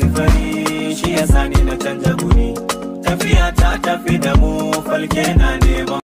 sifari shi ya sani na canja guni tafiya ta tafi da mu falke na neman